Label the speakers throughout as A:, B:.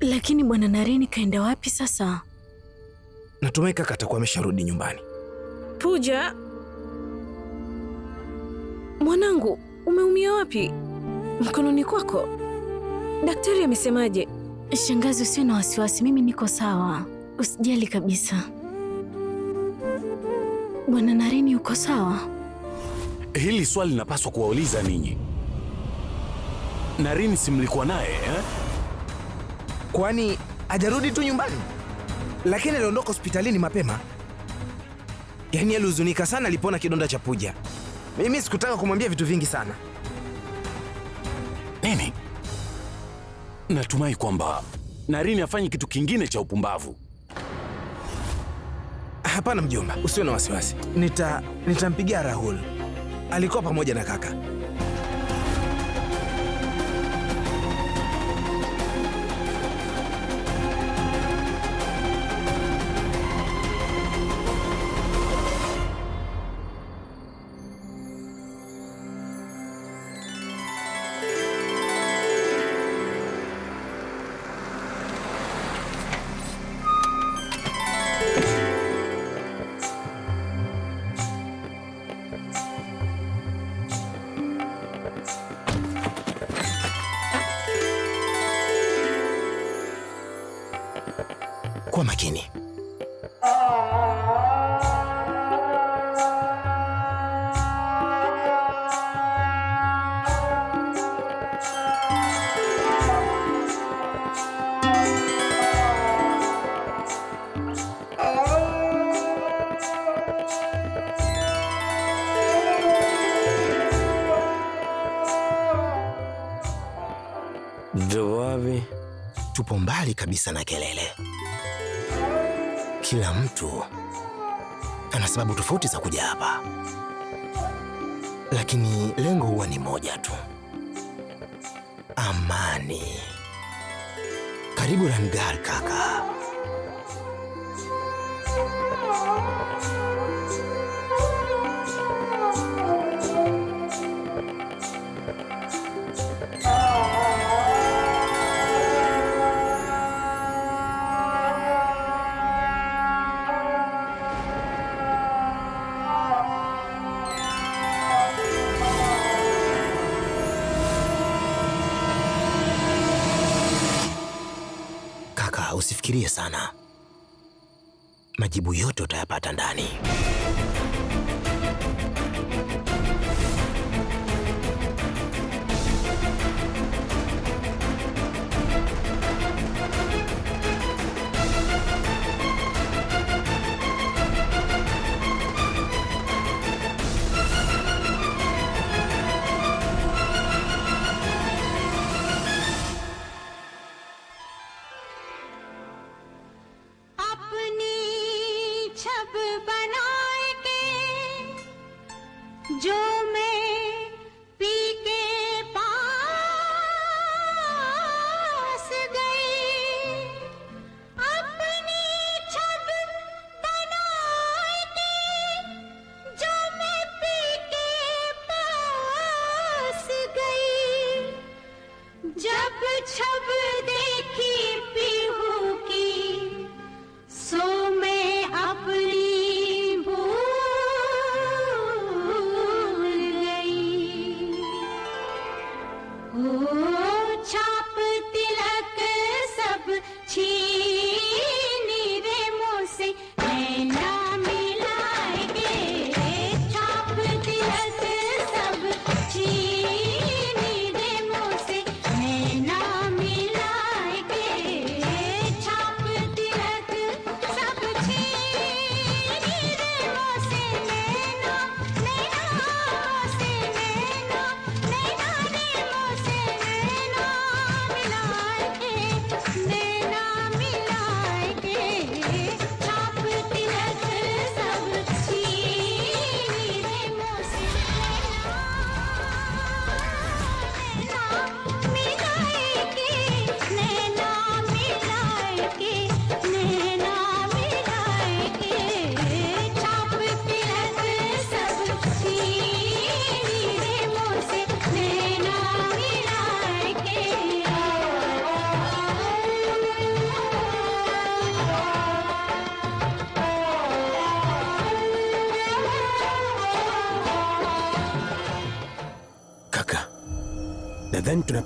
A: Lakini bwana Naren kaenda wapi sasa?
B: Natumai kaka atakuwa amesharudi nyumbani.
A: Puja mwanangu, umeumia wapi? Mkononi kwako? Daktari amesemaje?
C: Shangazi, usiwe na wasiwasi, mimi niko sawa, usijali kabisa. Bwana Naren uko sawa?
B: Hili swali linapaswa kuwauliza ninyi. Naren si mlikuwa naye eh?
D: Kwani hajarudi tu nyumbani? Lakini aliondoka hospitalini mapema. Yaani alihuzunika sana alipoona kidonda cha Pooja. Mimi sikutaka kumwambia vitu vingi sana.
B: Nini? Natumai kwamba Naren afanye kitu kingine cha upumbavu.
D: Hapana mjomba, usiwe na wasiwasi. Nita Rahul. Alikuwa pamoja na kaka.
B: Kuwa makini.
E: Tupo mbali kabisa na kelele. Kila mtu ana sababu tofauti za kuja hapa, lakini lengo huwa ni moja tu, amani. Karibu Rangar kaka. usifikirie sana, majibu yote utayapata ndani.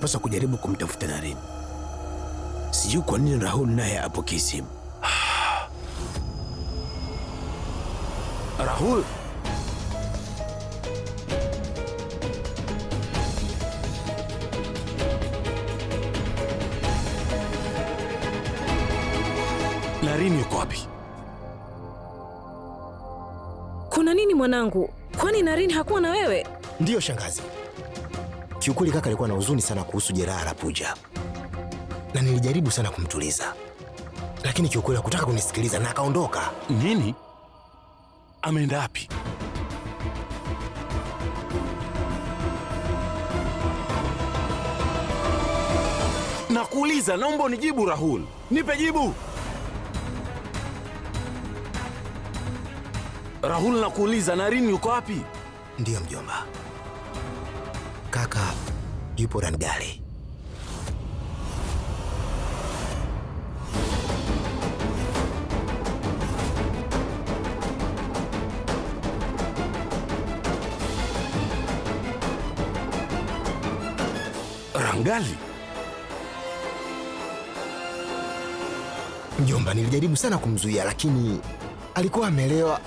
B: tunapaswa kujaribu kumtafuta Naren. Sijui kwa nini Rahul naye apokee simu. Rahul! Naren yuko wapi?
A: Kuna nini mwanangu? Kwani Naren hakuwa na wewe?
D: Ndiyo shangazi. Kiukweli kaka alikuwa na huzuni sana kuhusu jeraha la puja na nilijaribu sana kumtuliza, lakini kiukweli hakutaka kunisikiliza na akaondoka.
B: Nini? Ameenda wapi? Nakuuliza, naomba unijibu Rahul. Nipe jibu. Rahul, nakuuliza Naren yuko wapi?
E: Ndiyo mjomba. Kaka yupo Rangali.
B: Rangali?
D: Mjomba, nilijaribu sana kumzuia lakini alikuwa amelewa.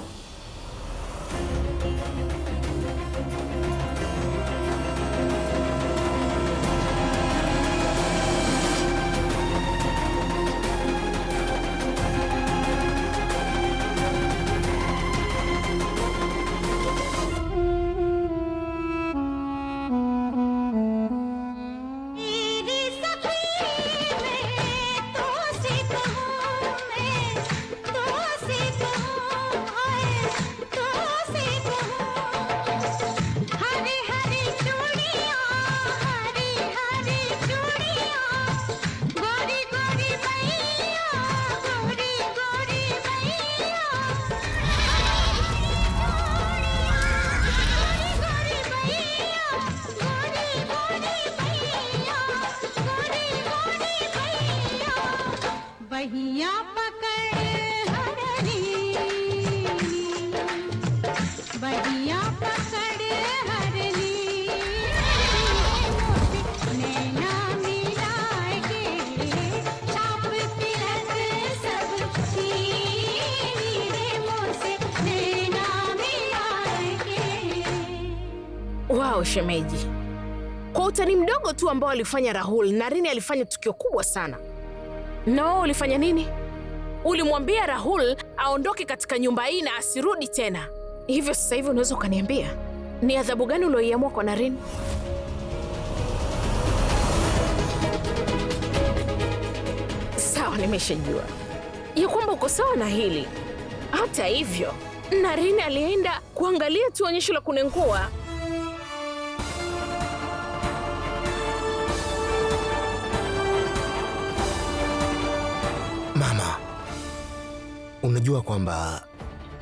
A: पहिया पकड़ हरली पकड़ हरली नैना मिलाए छाप सब नैना मिलाए Wao shemeji, kwa utani mdogo tu ambao alifanya Rahul, Naren alifanya tukio kubwa sana. No, ulifanya nini? Ulimwambia Rahul aondoke katika nyumba hii na asirudi tena.
F: Hivyo sasa hivi unaweza ukaniambia ni adhabu gani ulioiamua kwa Naren?
A: Sawa, nimeshajua ya kwamba uko sawa na hili. Hata hivyo, Naren alienda kuangalia tu onyesho la kunengua
D: Unajua kwamba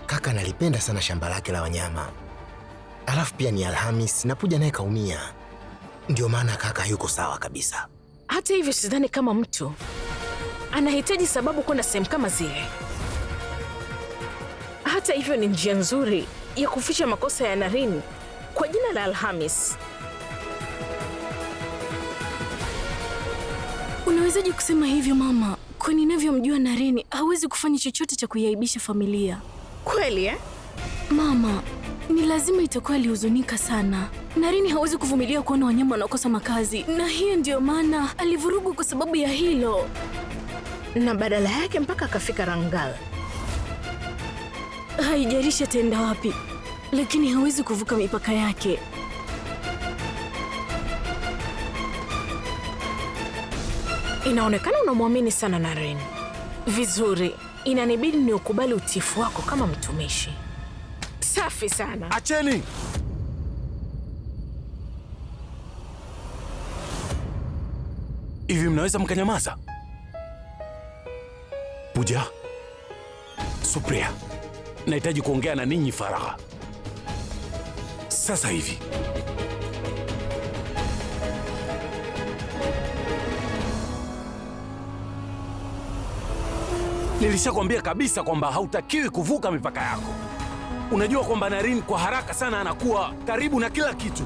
D: kaka analipenda sana shamba lake la wanyama, alafu pia ni Alhamis na Puja naye kaumia, ndio maana kaka yuko sawa kabisa.
F: Hata hivyo, sidhani kama mtu anahitaji sababu kwenda sehemu kama zile. Hata hivyo, ni njia nzuri ya kuficha makosa ya Naren kwa jina la Alhamis.
C: Unawezaje kusema hivyo mama? Kwa ninavyomjua Naren, hawezi kufanya chochote cha kuiaibisha familia. Kweli eh? Mama, ni lazima itakuwa alihuzunika sana. Naren hawezi kuvumilia kuona wanyama wanaokosa makazi, na hiyo ndiyo maana alivurugu kwa sababu ya hilo,
A: na badala yake mpaka akafika Rangal.
C: haijarishi ataenda wapi, lakini hawezi kuvuka mipaka yake.
A: Inaonekana unamwamini sana Naren. Vizuri, inanibidi ni ukubali utiifu wako kama mtumishi. Safi sana.
B: Acheni! Hivi mnaweza mkanyamaza? Puja, Supriya, nahitaji kuongea na ninyi faragha sasa hivi. Nilishakwambia kabisa kwamba hautakiwi kuvuka mipaka yako. Unajua kwamba narin kwa haraka sana anakuwa karibu na kila kitu.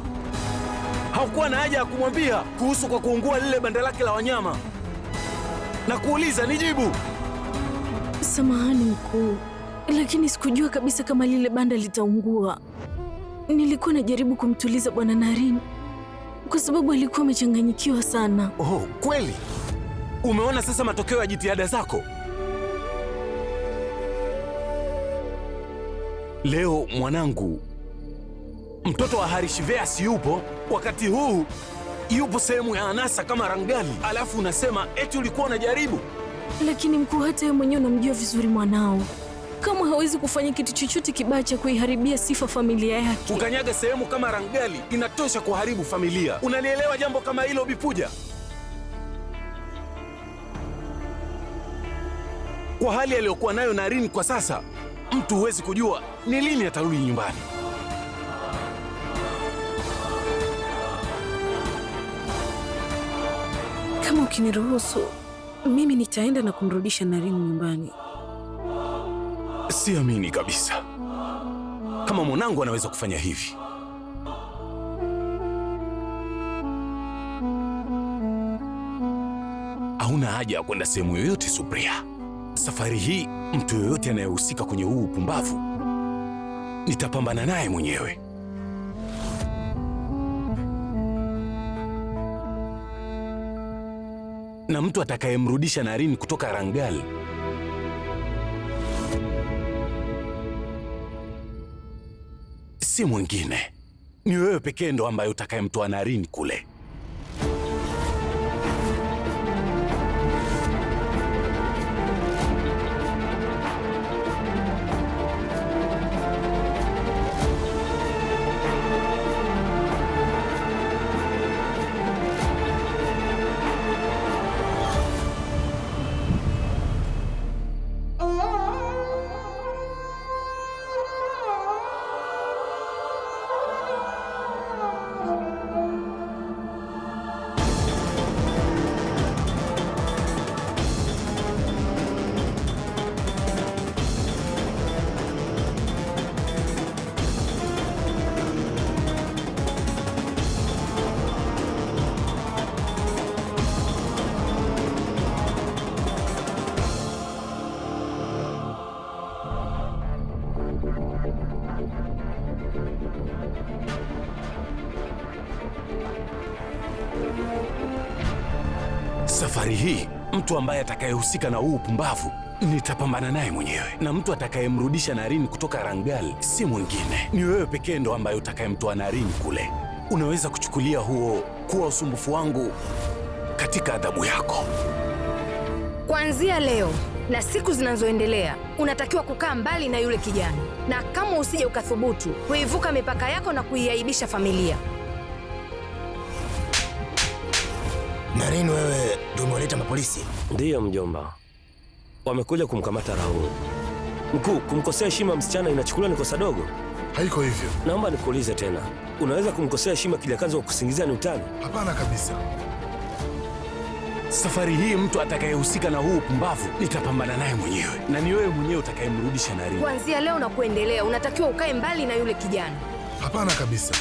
B: Haukuwa na haja ya kumwambia kuhusu kwa kuungua lile banda lake la wanyama na kuuliza nijibu.
C: Samahani mkuu, lakini sikujua kabisa kama lile banda litaungua. Nilikuwa najaribu kumtuliza bwana narin kwa sababu alikuwa amechanganyikiwa sana.
B: Oh, kweli? Umeona sasa matokeo ya jitihada zako? Leo mwanangu, mtoto wa Harishveas yupo, wakati huu yupo sehemu ya anasa kama Rangali, alafu unasema eti ulikuwa unajaribu.
C: Lakini mkuu, hata yeye mwenyewe unamjua vizuri mwanao kama hawezi kufanya kitu chochote kibaya cha kuiharibia sifa familia yake.
B: Kukanyaga sehemu kama Rangali inatosha kuharibu familia. Unalielewa jambo kama hilo Bipuja? Kwa hali aliyokuwa nayo Naren kwa sasa, Mtu huwezi kujua ni lini atarudi nyumbani.
C: Kama ukiniruhusu mimi nitaenda na kumrudisha Naren nyumbani.
B: Siamini kabisa kama mwanangu anaweza kufanya hivi. Hauna haja ya kwenda sehemu yoyote, Supriya. Safari hii mtu yoyote anayehusika kwenye huu upumbavu nitapambana naye mwenyewe. Na mtu atakayemrudisha Naren kutoka Rangal si mwingine, ni wewe pekee ndo ambaye utakayemtoa Naren kule. Mtu ambaye atakayehusika na huu upumbavu nitapambana naye mwenyewe, na mtu atakayemrudisha Naren kutoka Rangal si mwingine, ni wewe pekee ndo ambaye utakayemtoa Naren kule. Unaweza kuchukulia huo kuwa usumbufu wangu katika adhabu yako.
A: Kuanzia leo na siku zinazoendelea, unatakiwa kukaa mbali na yule kijana, na kama usije ukathubutu kuivuka mipaka yako na kuiaibisha familia
B: Naren, wewe ndio umewaleta mapolisi?
D: Ndiyo mjomba, wamekuja kumkamata Raul. Mkuu, kumkosea heshima msichana inachukuliwa ni kosa dogo? Haiko hivyo. Naomba nikuulize tena, unaweza kumkosea heshima kijakazi wa kusingizia ni utani?
B: Hapana kabisa. Safari hii mtu atakayehusika na huu upumbavu nitapambana naye mwenyewe, na ni wewe mwenyewe utakayemrudisha Naren.
A: Kuanzia leo na kuendelea, unatakiwa ukae mbali na yule kijana.
B: Hapana kabisa.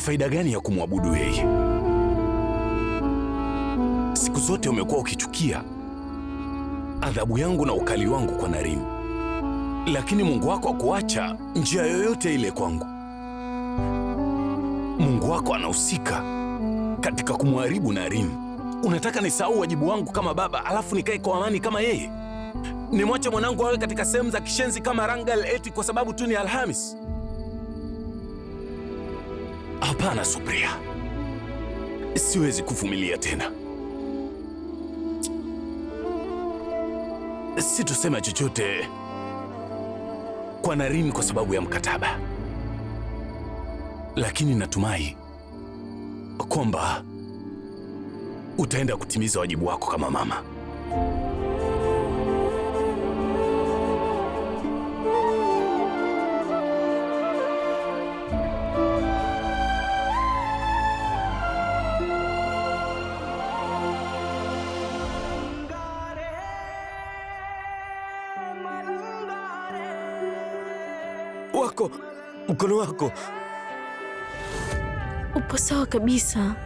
B: faida gani ya kumwabudu yeye? Siku zote umekuwa ukichukia adhabu yangu na ukali wangu kwa Naren, lakini Mungu wako hakuacha njia yoyote ile kwangu. Mungu wako anahusika katika kumharibu Naren. Unataka nisahau wajibu wangu kama baba, alafu nikae kwa amani kama yeye? Nimwache mwanangu awe katika sehemu za kishenzi kama Rangal eti kwa sababu tu ni Alhamis? Hapana Supriya, siwezi kuvumilia tena. Situsema chochote kwa Naren kwa sababu ya mkataba, lakini natumai kwamba utaenda kutimiza wajibu wako kama mama. mkono wako.
C: Upo sawa kabisa.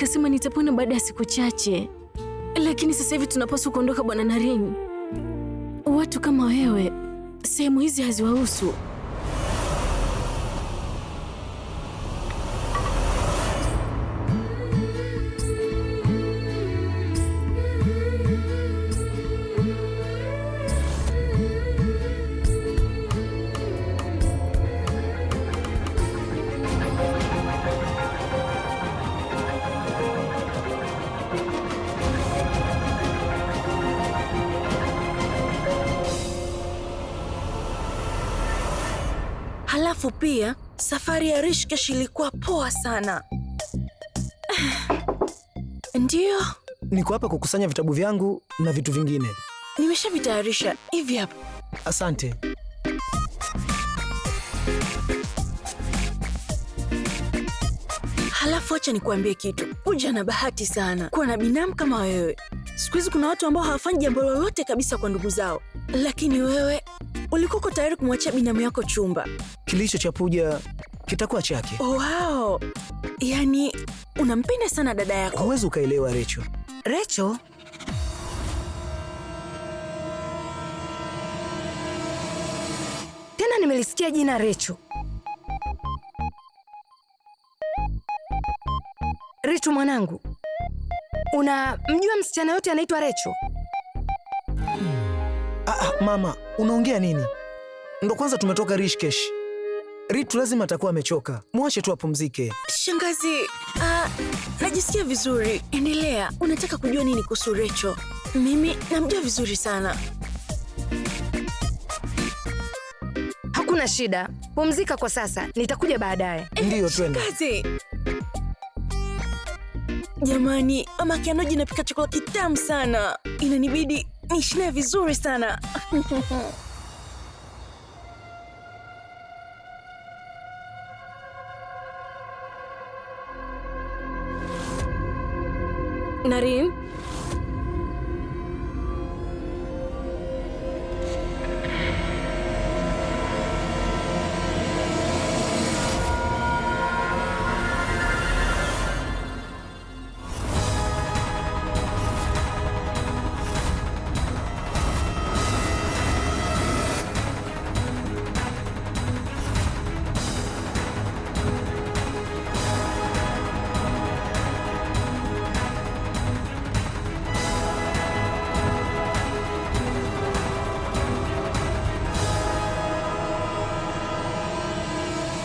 C: nikasema nitapona baada ya siku chache, lakini sasa hivi tunapaswa kuondoka, Bwana Naren. Watu kama wewe sehemu hizi haziwahusu.
A: kesho ilikuwa poa sana. Ndiyo,
D: niko hapa kukusanya vitabu vyangu na vitu vingine.
A: Nimeshavitayarisha hivi hapa. Asante. Halafu acha nikuambie kitu, huja na bahati sana kuwa na binamu kama wewe. Siku hizi kuna watu ambao hawafanyi jambo lolote kabisa kwa ndugu zao, lakini wewe ulikuwa tayari kumwachia binamu yako chumba.
D: Kilicho cha Pooja kitakuwa chake.
A: Wow, yani unampenda sana dada yako.
D: Huwezi ukaelewa Recho.
A: Recho tena, nimelisikia jina Recho. Recho mwanangu, unamjua msichana yote anaitwa Recho?
D: Ah, ah, mama unaongea nini? Ndo kwanza tumetoka Rishikesh. Ritu lazima atakuwa amechoka, mwache tu apumzike.
A: Shangazi, uh, najisikia vizuri, endelea. Unataka kujua nini kuhusu Recho? Mimi namjua vizuri sana. Hakuna shida, pumzika kwa sasa, nitakuja baadaye.
D: Eh, Ndiyo, Shangazi,
A: jamani, mama Kianoji inapika chakula kitamu sana, inanibidi nishinaye vizuri sana Naren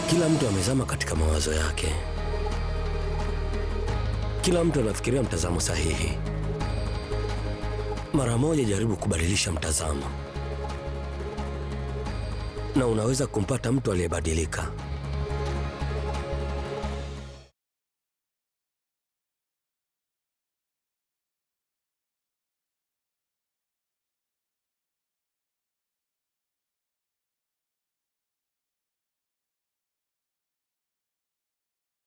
E: Kila mtu amezama katika mawazo yake, kila mtu anafikiria mtazamo sahihi. Mara moja jaribu kubadilisha mtazamo, na unaweza kumpata mtu aliyebadilika.